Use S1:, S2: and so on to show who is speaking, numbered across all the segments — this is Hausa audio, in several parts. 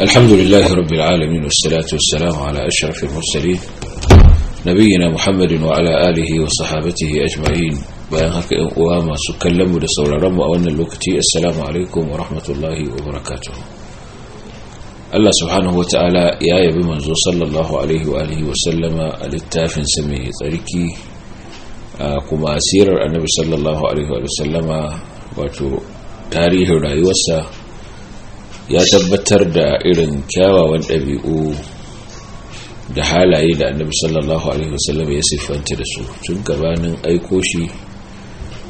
S1: الحمد لله رب العالمين والصلاة والسلام على أشرف المرسلين نبينا محمد وعلى آله وصحابته أجمعين وما سكلم لصول رم وأن الوقتي السلام عليكم ورحمة الله وبركاته الله سبحانه وتعالى يا يبي منزو صلى الله عليه وآله وسلم الاتاف سمي طريقي آه، كما سير النبي صلى الله عليه وسلم وتو تاريخ رأي وسلم ya tabbatar da irin kyawawan ɗabi'u da halaye da annabi sallallahu alaihi wasallam ya siffanta da su tun gabanin aiko shi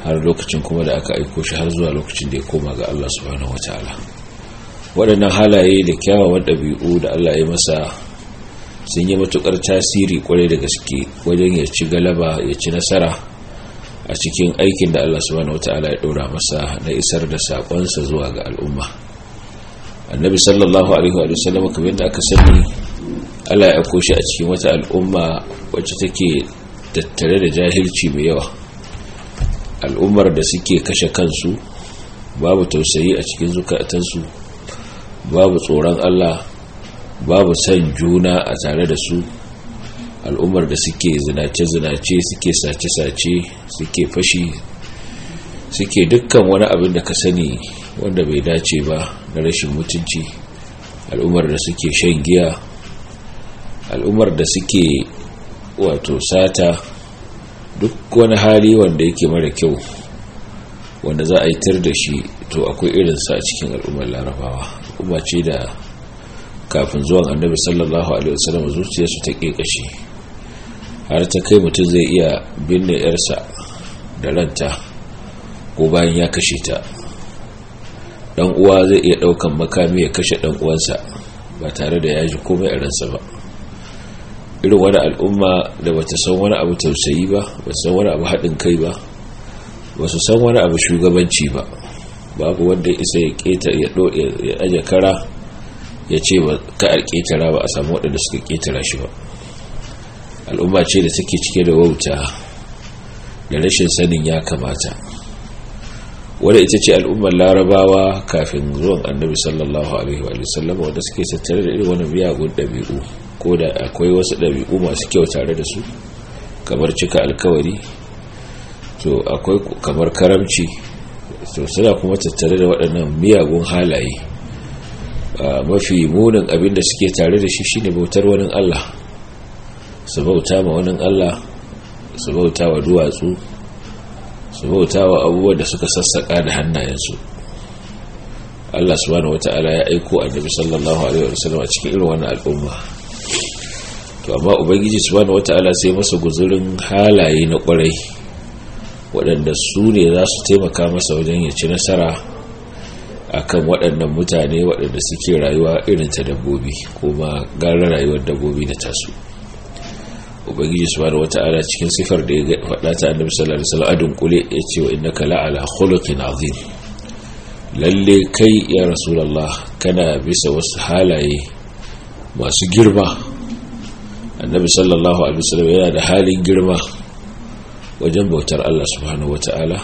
S1: har lokacin kuma da aka aiko shi har zuwa lokacin da ya koma ga Allah subhanahu wataala waɗannan halaye da kyawawan ɗabi'u da Allah ya masa sun yi matukar tasiri kwarai da gaske wajen ya ci galaba ya ci nasara a cikin aikin da Allah subhanahu wataala ya ɗora masa na isar da saƙonsa zuwa ga al'umma annabi sallallahu alaihi wa sallam kamar yadda aka sani Allah ya koshi a cikin wata al'umma wacce take tattare da jahilci mai yawa al'ummar da suke kashe kansu babu tausayi a cikin zukatansu babu tsoron Allah babu san juna a tare da su al'ummar da suke zinace-zinace suke sace-sace suke fashi suke dukkan wani abin da ka sani wanda bai dace ba na rashin mutunci al'ummar da suke shan giya al'ummar da suke wato sata duk wani hali wanda yake mara kyau wanda za a yi tar da shi to akwai irinsa a cikin al'ummar larabawa Kuma ce da kafin zuwan annabi sallallahu alaihi wasallam su ta kekashi har ta kai mutum zai iya binne yarsa da ranta ko bayan ya kashe ta dan uwa zai iya daukan makami ya kashe dan uwansa ba tare da yaji komai a ransa ba irin wani al'umma da bata san wani abu tausayi ba ba san wani abu haɗin kai ba ba su san wani abu shugabanci ba babu wanda isa ya keta ya aje kara ya ce ba ka a ketara ba a samu waɗanda suka ketara shi ba al'umma ce da take cike da wauta da rashin sanin ya kamata wadda ita ce al'ummar larabawa kafin zuwan annabi sallallahu alaihi wa sallama wadda suke tattare da irin wani miyagun ɗabi'u ko da akwai wasu ɗabi'u masu kyau tare da su kamar cika alkawari to akwai kamar karamci to suna kuma tattare da waɗannan miyagun halaye mafi munin abin da suke tare da shi shine bautar wani allah su bauta ma wani allah su bauta wa duwatsu su bauta wa abubuwan da suka sassaƙa da hannayensu Allah subhanahu wata'ala ya aiko annabi sallallahu alaihi wasallam a cikin irin wani al'umma to amma ubangiji subhanahu wata'ala sai masa guzurin halaye na kwarai waɗanda su ne za su taimaka masa wajen ya ci nasara akan waɗannan mutane waɗanda suke rayuwa irin ta dabbobi ma gara rayuwar dabbobi da tasu ubangiji subhanahu wata'ala cikin sifar da ya faɗa ta annabi sallallahu alaihi wasallam adun kule ya ce wa innaka la'ala khuluqin azim lalle kai ya rasulullah kana bisa wasu halaye masu girma annabi sallallahu alaihi wasallam yana da halin girma wajen bautar Allah subhanahu wata'ala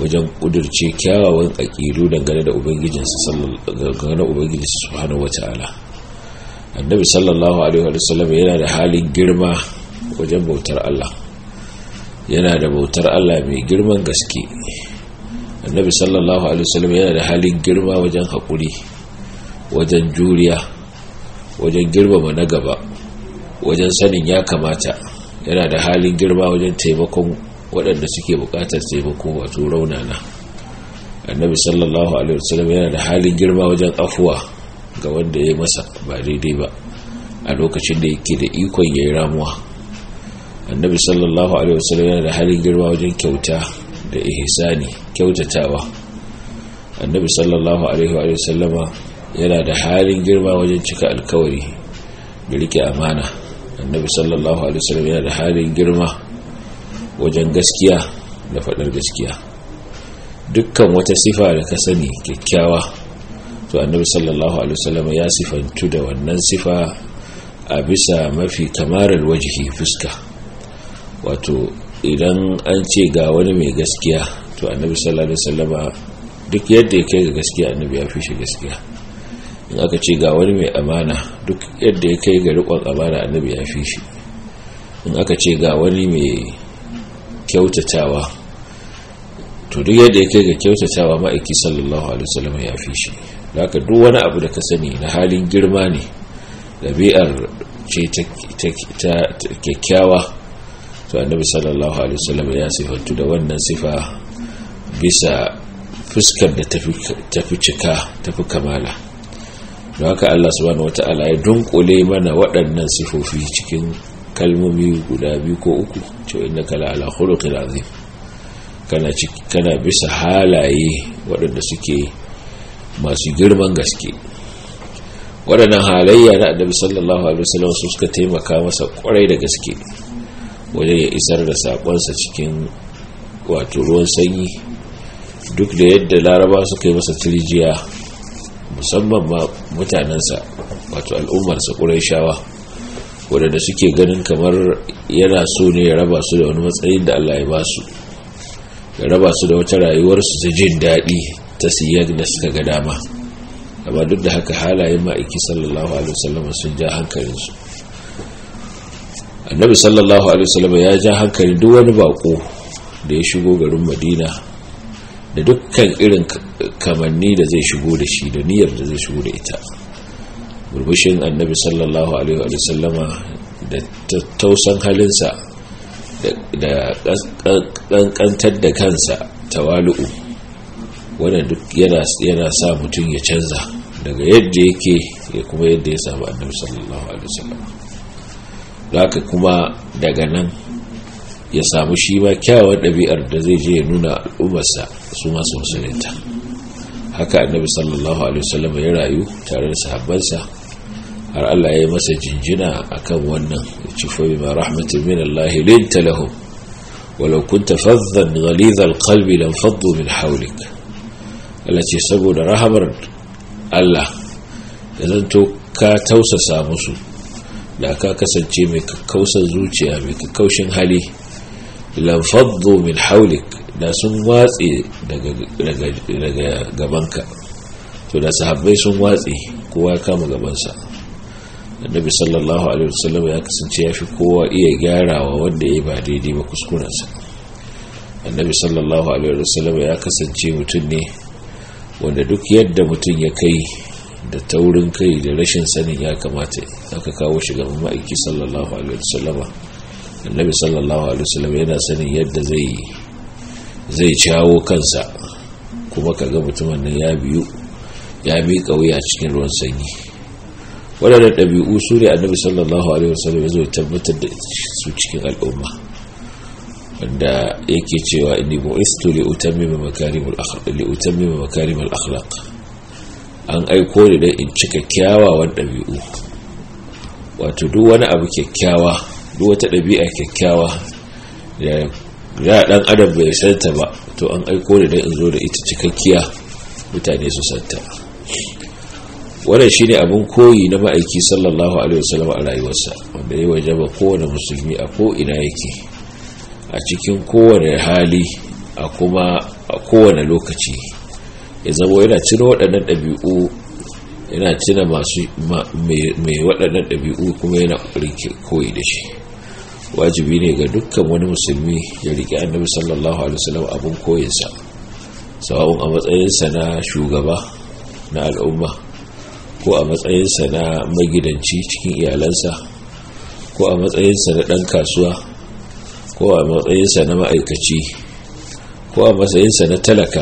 S1: wajen kudirce kyawawan aƙidu dangane da ubangijinsa subhanahu wata'ala annabi sallallahu alaihi wasallam yana da halin girma wajen bautar Allah yana da bautar Allah mai girman gaske annabi sallallahu alaihi wasallam yana da halin girma wajen haƙuri wajen juriya wajen girmama na gaba wajen sanin ya kamata yana da halin girma wajen taimakon waɗanda suke buƙatar taimako wato raunana annabi sallallahu alaihi wasallam yana da halin girma wajen afuwa ga wanda ya masa ba daidai ba a lokacin da yake da ikon ya yi ramuwa annabi sallallahu alaihi wasallam yana da halin girma wajen kyauta da ihsani kyautatawa annabi sallallahu alaihi wa sallam yana da halin girma wajen cika alkawari da rike amana annabi sallallahu alaihi wasallam yana da halin girma wajen gaskiya da faɗar gaskiya dukkan wata sifa da ka sani kyakkyawa to annabi sallallahu alaihi wasallam ya sifantu da wannan sifa a bisa mafi kamarar wajihi fuska wato idan an ce ga wani mai gaskiya to annabi sallallahu alaihi wasallama duk yadda ya kai ga gaskiya annabi ya fi shi gaskiya in aka ce ga wani mai amana duk yadda ya kai ga riƙon amana annabi ya fi shi in aka ce ga wani mai kyautatawa to duk yadda ya kai ga kyautatawa ma'aiki sallallahu alaihi wasallam ya fi shi da duk wani abu da ka sani na halin girma ne ɗabi'ar ce ta kyakkyawa to annabi sallallahu alaihi wasallam ya sifantu da wannan sifa bisa fuskar da tafi cika tafi kamala don haka Allah subhanahu wata'ala ya dunkule mana waɗannan sifofi cikin kalmomi guda biyu ko uku cewa inna kala ala khuluqil azim kana kana bisa halaye waɗanda suke masu girman gaske waɗannan halayya na annabi sallallahu alaihi wasallam su suka taimaka masa kwarai da gaske wajen ya isar da saƙonsa cikin wato ruwan sanyi duk da yadda laraba suka yi masa tirjiya musamman ma mutanensa wato al'ummarsa shawa waɗanda suke ganin kamar yana so ne ya raba su da wani matsayin da allah ya ba su ya raba su da wata rayuwarsu su jin daɗi ta siyar da suka ga dama amma duk da haka halayen ma'aiki sallallahu alaihi wasallam sun ja hankalinsu annabi sallallahu alaihi wasallam ya ja hankalin duk wani bako da ya shigo garin madina da dukkan irin kamanni da zai shigo da shi da niyyar da zai shigo da ita burbushin annabi sallallahu alaihi wasallam da tattausan halinsa da kankantar da kansa tawali'u wanda duk yana sa mutum ya canza daga yadda yake ya kuma yadda ya samu annabi sallallahu alaihi wasallam haka kuma daga nan ya samu shi ma kyawun ɗabi'ar da zai je ya nuna al'ummarsa su masu musulunta haka annabi sallallahu alaihi wasallam ya rayu tare da sahabbansa har Allah ya yi masa jinjina akan wannan ya ci fa bima rahmatin min Allah linta lahum walau kunta faddan ghalidha alqalbi lam faddu min hawlik Allah ce saboda rahamar Allah da zanto ka tausasa musu da ka kasance mai kakkausar zuciya mai kakkaushin hali lamfaddo min haulik da sun watse daga gabanka to da sahabbai sun watse kowa kama gabansa annabi sallallahu alaihi wasallam ya kasance ya fi kowa iya gyarawa wanda ya ba daidai ba kuskurensa annabi sallallahu alaihi wasallam ya kasance mutum ne wanda duk yadda mutum ya kai da taurin kai da rashin sanin ya kamata aka kawo shi gaban ma'aiki sallallahu alaihi wasallama annabi sallallahu alaihi wasallama yana sanin yadda zai zai ciyawo kansa kuma kaga mutumin nan ya biyu ya bi kauya cikin ruwan sanyi wadannan ɗabi'u su ne annabi sallallahu alaihi wasallam ya zo tabbatar da su cikin al'umma da yake cewa inni bu'istu li utammima makarimul akhlaq li utammima makarimul akhlaq an aiko ni dan in cika kyawawan dabi'u wato duk wani abu kyakkyawa duk wata dabi'a kyakkyawa da ya dan adam bai santa ba to an aiko ni dan in zo da ita cikakkiya mutane su santa wannan shine abin koyi na ma'aiki sallallahu alaihi wasallam a rayuwarsa wanda ya wajaba kowane musulmi a ko ina yake a cikin kowane hali a kuma a kowane lokaci ya zama yana cina waɗannan ɗabi'u yana cina masu mai waɗannan ɗabi'u kuma yana rike koyi da shi wajibi ne ga dukkan wani musulmi ya rike annabi sallallahu alaihi wasallam abun koyinsa sawa'un a matsayinsa na shugaba na al'umma ko a matsayinsa na magidanci cikin iyalansa ko a matsayinsa na ɗan kasuwa ko a matsayinsa na ma'aikaci ko a matsayinsa na talaka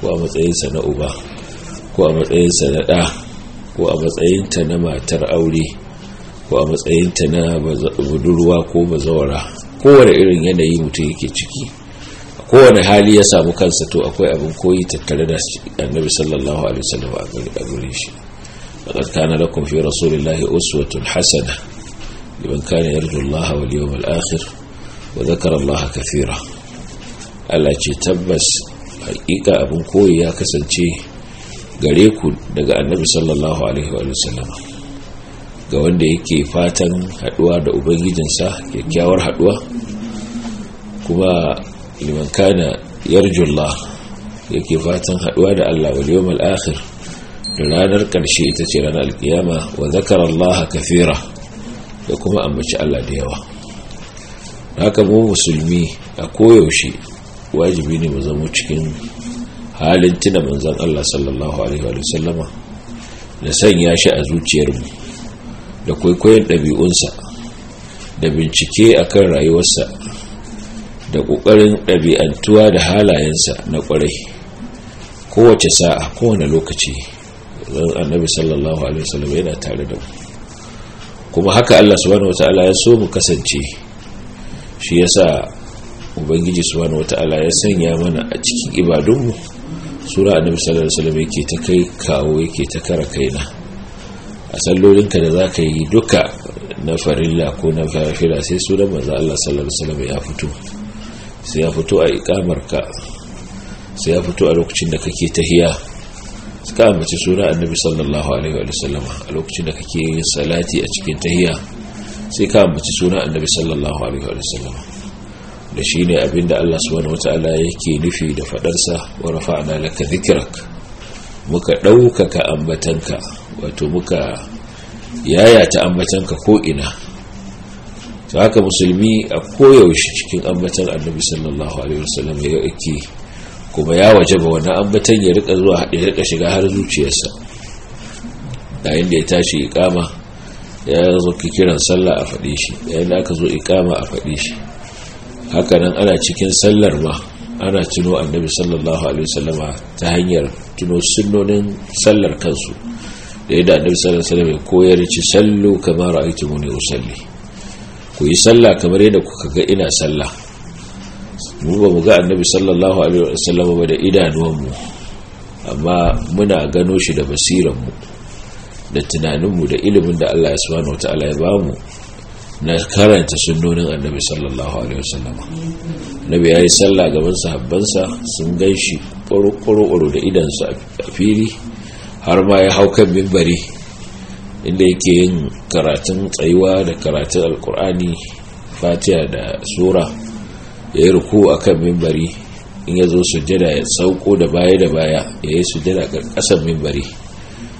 S1: ko a matsayinsa na uba ko a matsayinsa na ɗa ko a matsayinta na matar aure ko a matsayinta na budurwa ko bazawara kowane irin yanayi mutum yake ciki kowane hali ya samu kansa to akwai abin koyi tattare da annabi sallallahu alaihi wasallam a gare shi laqad kana lakum fi rasulillahi uswatun hasana liman kana yarju Allah wal yawmal akhir wa zakar Allah kathira Allah ce tabbas haƙiƙa abin koyi ya kasance gare ku daga annabi sallallahu alaihi wa sallama ga wanda yake fatan haɗuwa da ubangijinsa kyakkyawar haɗuwa. kuma liman kana yarjullah yake fatan haɗuwa da Allah wal yawmal akhir da ranar karshe ita ce ranar alkiyama wa zakara Allah kafira da kuma ambaci Allah da yawa haka mu musulmi a koyaushe wajibi ne mu zama cikin halin tuna manzan Allah sallallahu alaihi wa sallama da sanya shi a zuciyarmu da kwaikwayon ɗabi'unsa da bincike a kan rayuwarsa da ƙoƙarin ɗabi'antuwa da halayensa na ƙwarai kowace sa'a kowane lokaci zan annabi sallallahu alaihi wasallam yana tare da mu kuma haka Allah subhanahu wataala ya so mu kasance shi yasa ubangiji subhanahu wata'ala ya sanya mana a cikin ibadunmu sura annabi sallallahu alaihi wasallam yake ta kai kawo yake ta kara kaina a sallolinka da zaka yi duka na farilla ko na farafira sai sunan manzo Allah sallallahu alaihi wasallam ya fito sai ya fito a ikamarka sai ya fito a lokacin da kake tahiya suka ambaci sura annabi sallallahu alaihi wasallam a lokacin da kake yin salati a cikin tahiya sai ka ambaci suna annabi sallallahu alaihi wa sallam da shi ne abinda Allah subhanahu wata'ala yake nufi da fadarsa wa rafa'na laka dhikrak muka ɗaukaka ambatanka wato muka yayata ambatanka ko ina to haka musulmi a koyaushe cikin ambatan annabi sallallahu alaihi wasallam ya yake kuma ya wajaba wannan ambatan ya rika zuwa ya rika shiga har zuciyarsa da inda ya tashi iqama ya zo kiran sallah a faɗe shi yayin da aka zo ikama a faɗe shi hakanan ana cikin sallar ma ana tuno annabi sallallahu alaihi wasallama ta hanyar tuno sunnonin sallar kansu da yadda annabi sallallahu alaihi wasallam ya koyar ci sallu kama ra'aytumuni usalli ku yi sallah kamar yadda kuka ga ina sallah mu ba mu ga annabi sallallahu alaihi wasallama ba da idanuwanmu amma muna gano shi da basiranmu mu da tunaninmu da ilimin da Allah ya subhanahu wata'ala ya bamu na karanta sunnonin annabi sallallahu alaihi wasallama nabi yayi sallah gaban sahabbansa sun ganshi shi da da su a fili har ma ya hau kan mimbari inda yake yin karatun tsayuwa da karatun alkur'ani fatiha da sura ya yi ruku a kan mimbari in ya zo sujjada ya sauko da baya da baya ya yi sujjada ga ƙasan mimbari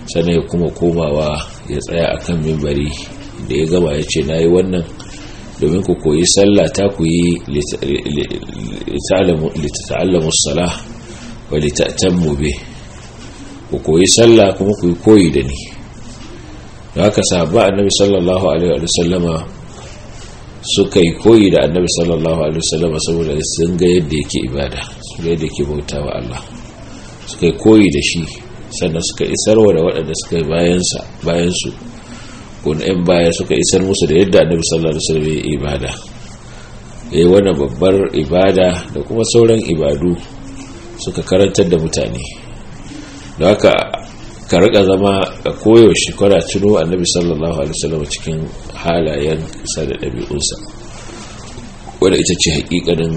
S1: sannan ya kuma komawa ya tsaya a kan mimbari da ya gama ya ce na yi wannan domin ku koyi sallah ta ku yi littata'allamu salah wa littattan mube ku koyi sallah kuma ku yi koyi da ni da haka sahaba annabi sallallahu alaihi wa sallama suka yi koyi da annabi sallallahu alaihi wa sallama saboda sun ga yadda yake ibada su ga yadda yake bautawa Allah suka yi koyi da shi sannan suka isar wa da waɗanda suka yi bayansu ko na 'yan baya suka isar musu da yadda annabi sallallahu alaihi wasallam ya ibada ya yi wani babbar ibada da kuma sauran ibadu suka karantar da mutane da haka ka riƙa zama a koyaushe kwana tuno annabi sallallahu alaihi wasallam cikin sa da ɗabi'unsa wadda ita ce haƙiƙanin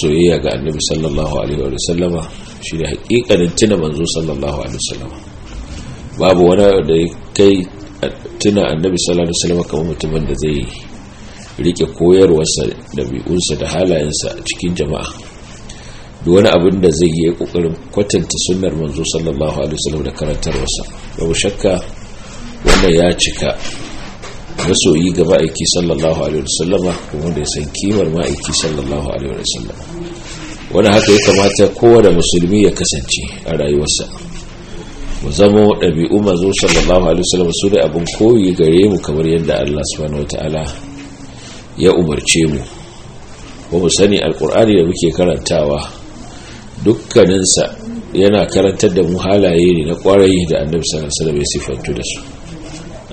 S1: soyayya ga annabi sallallahu alaihi wasallama shi ne hakikanin tuna manzo sallallahu alaihi wasallam babu wani da ya kai tuna annabi sallallahu alaihi wasallam kamar mutumin da zai rike koyarwarsa ɗabi'unsa da halayensa a cikin jama'a da wani abin da zai yi kokarin kwatanta sunnar manzo sallallahu alaihi wasallam da karantarwarsa babu shakka wannan ya cika masoyi ga ma'aiki sallallahu alaihi wasallama kuma da ya san kimar ma'aiki sallallahu alaihi wasallama wani haka ya kamata kowane musulmi ya kasance a rayuwarsa mu zama ɗabi'u mazo sallallahu alaihi wasallam su ne abin koyi gare mu kamar yadda Allah subhanahu wataala ya umarce mu ba mu sani alkur'ani da muke karantawa dukkaninsa yana karantar da mu halaye ne na kwarai da annabi sallallahu alaihi wasallam ya sifantu da su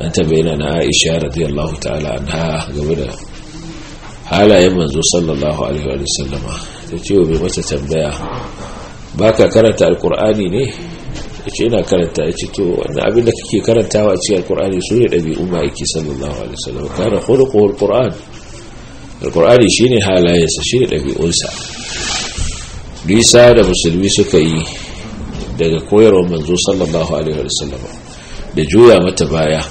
S1: an tambaye na Aisha radiyallahu ta'ala anha game da halayen manzo sallallahu alaihi wasallama ya ce wa mai masa tambaya ba ka karanta alkur'ani ne ya ce ina karanta ya ce to wannan abin da kake karantawa a cikin alkur'ani su ne ɗabi'un ma'aiki sallallahu alaihi wasallam kana hulukun alkur'an alkur'ani shi ne halayensa shi ne ɗabi'unsa nisa da musulmi suka yi daga koyarwar manzo sallallahu alaihi wasallam da juya mata baya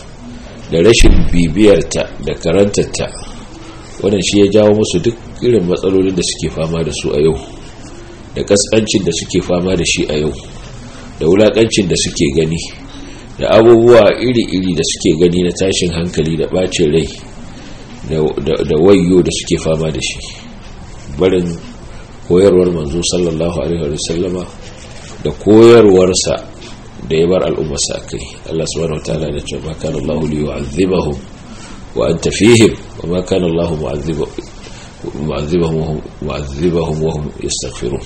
S1: da rashin bibiyarta da karantarta wannan shi ya jawo musu duk irin matsalolin da suke fama da su a yau da kasancin da suke fama da shi a yau da wulakancin da suke gani da abubuwa iri-iri da suke gani na tashin hankali da bacin rai da wayo da suke fama da shi barin koyarwar manzo sallallahu alaihi wa sallama, da koyarwarsa da ya bar al'ummarsa a kai Allah subhanahu wa ta'ala da cewa ma kana Allah li wa anta fihim wa ma kana Allah mu'adhibahum mu'azzibahum wa hum yastaghfirun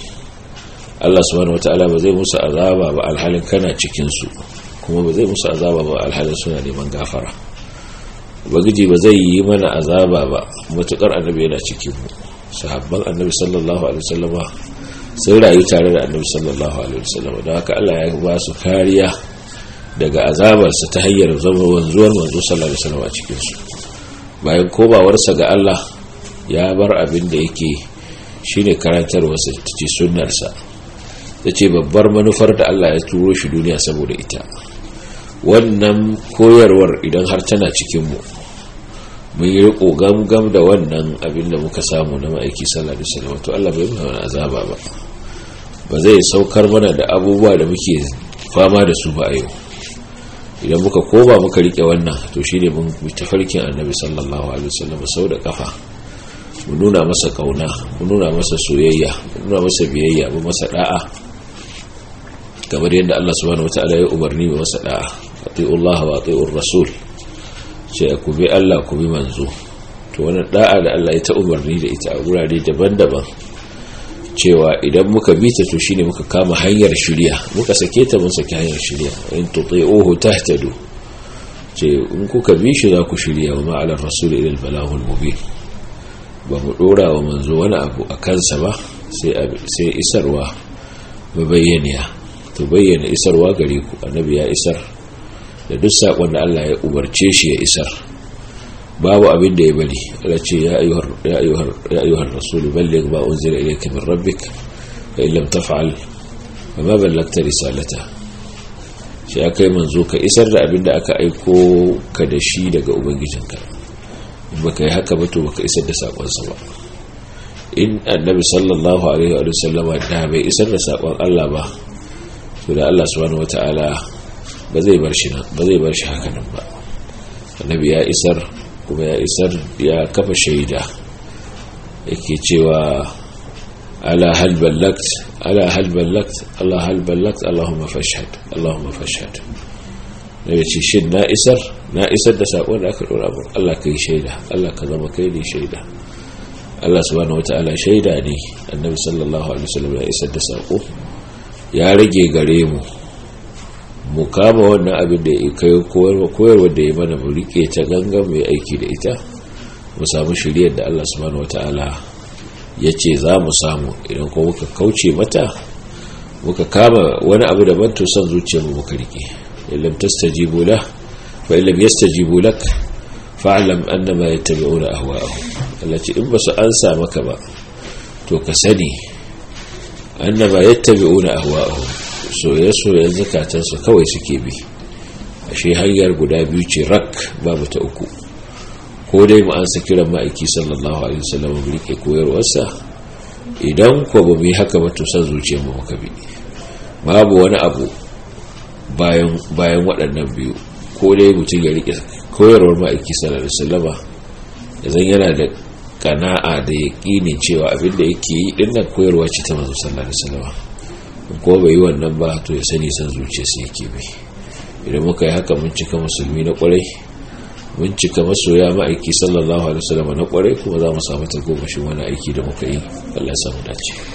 S1: Allah subhanahu wataala ba zai musu azaba ba alhalin kana cikin su kuma ba zai musu azaba ba alhalin suna neman gafara ubangiji ba zai yi mana azaba ba matukar annabi yana cikin mu sahabban annabi sallallahu alaihi wasallama sun rayu tare da annabi sallallahu alaihi wasallama don haka Allah ya ba su kariya daga azabarsa ta hanyar zama wanzuwar manzo sallallahu alaihi wasallama cikin su bayan komawarsa ga Allah ya bar abin da yake shine karantar wasu ce sunnarsa ta ce babbar manufar da Allah ya turo shi duniya saboda ita wannan koyarwar idan har tana cikinmu mun yi riko gamgam da wannan abin da muka samu na ma'aiki sallallahu alaihi to Allah bai mana azaba ba ba zai saukar mana da abubuwa da muke fama da su ba a yau idan muka koma muka rike wannan to shine mun tafarkin annabi sallallahu alaihi wasallam sau da kafa mu nuna masa kauna mu nuna masa soyayya mu nuna masa biyayya mu masa da'a kamar yadda Allah subhanahu wataala ya umarni mu masa da'a ati'u Allah wa ati'ur rasul sai ku bi Allah ku bi manzo to wannan da'a da Allah ya ta umarni da ita a gurare daban-daban cewa idan muka bi ta to shine muka kama hanyar shirya muka sake ta mun sake hanyar shirya in tuti'uhu tahtadu ce in kuka bi shi za ku shirya wa ma'alar rasul ilal balahul mubin ba mu dora wa manzo wani abu a kansa ba sai isarwa ba bayyaniya to bayyana isarwa gare ku annabi ya isar da duk saƙon da Allah ya umarce shi ya isar babu abin da ya bari Allah ce ya ayyuhar rasulu balligh ma unzila ilayka min rabbik fa in lam taf'al fa ma ballagta risalata shi akai manzo ka isar da abin da aka aiko ka da shi daga ubangijinka baka yi haka ba to baka isar da sakonsa ba in annabi sallallahu alaihi wa sallama da bai isar da sakon Allah ba to da Allah subhanahu wata'ala ba zai bar shi ba zai bar shi haka nan ba annabi ya isar kuma ya isar ya kafa shaida yake cewa ala hal ballagt ala hal ballagt Allah hal ballagt Allahumma fashhad Allahumma fashhad ne ce shin na isar na isar da sakon da aka dora abu Allah kai shaida Allah ka zama kai ne shaida Allah subhanahu wataala shaida ne annabi sallallahu alaihi wasallam ya isar da sako ya rage gare mu mu kama wannan abin da ya kai koyarwa da ya mana mu rike ta gangan mai aiki da ita mu samu shiriyar da Allah subhanahu wataala ya ce za mu samu idan ko muka kauce mata muka kama wani abu da manto son zuciyarmu muka rike illam tastajibu lah fa illam yastajibu lak fa'lam annama yattabi'una ahwa'ahum allati in basu ansa maka ba to ka sani annama yattabi'una ahwa'ahum yaso soyen zakatan su kawai suke bi ashe hanyar guda biyu ce rak babu ta uku ko dai mu ansa kiran ma'aiki sallallahu alaihi wasallam mu rike koyarwarsa idan ko ba mu yi haka ba to san zuciyar mu muka bi babu wani abu bayan bayan waɗannan biyu ko dai mutum ya riƙe koyarwar ma'aiki sallallahu alaihi wasallama yana da kana'a da yaqinin cewa abin da yake yi dinnan koyarwa ce ta manzo sallallahu alaihi ko bai yi wannan ba to ya sani san zuciya sai yake bai idan muka yi haka mun cika musulmi na kwarai mun cika masoya ma'aiki sallallahu alaihi wasallama na kwarai kuma za mu samu shi wani aiki da muka yi Allah ya samu dace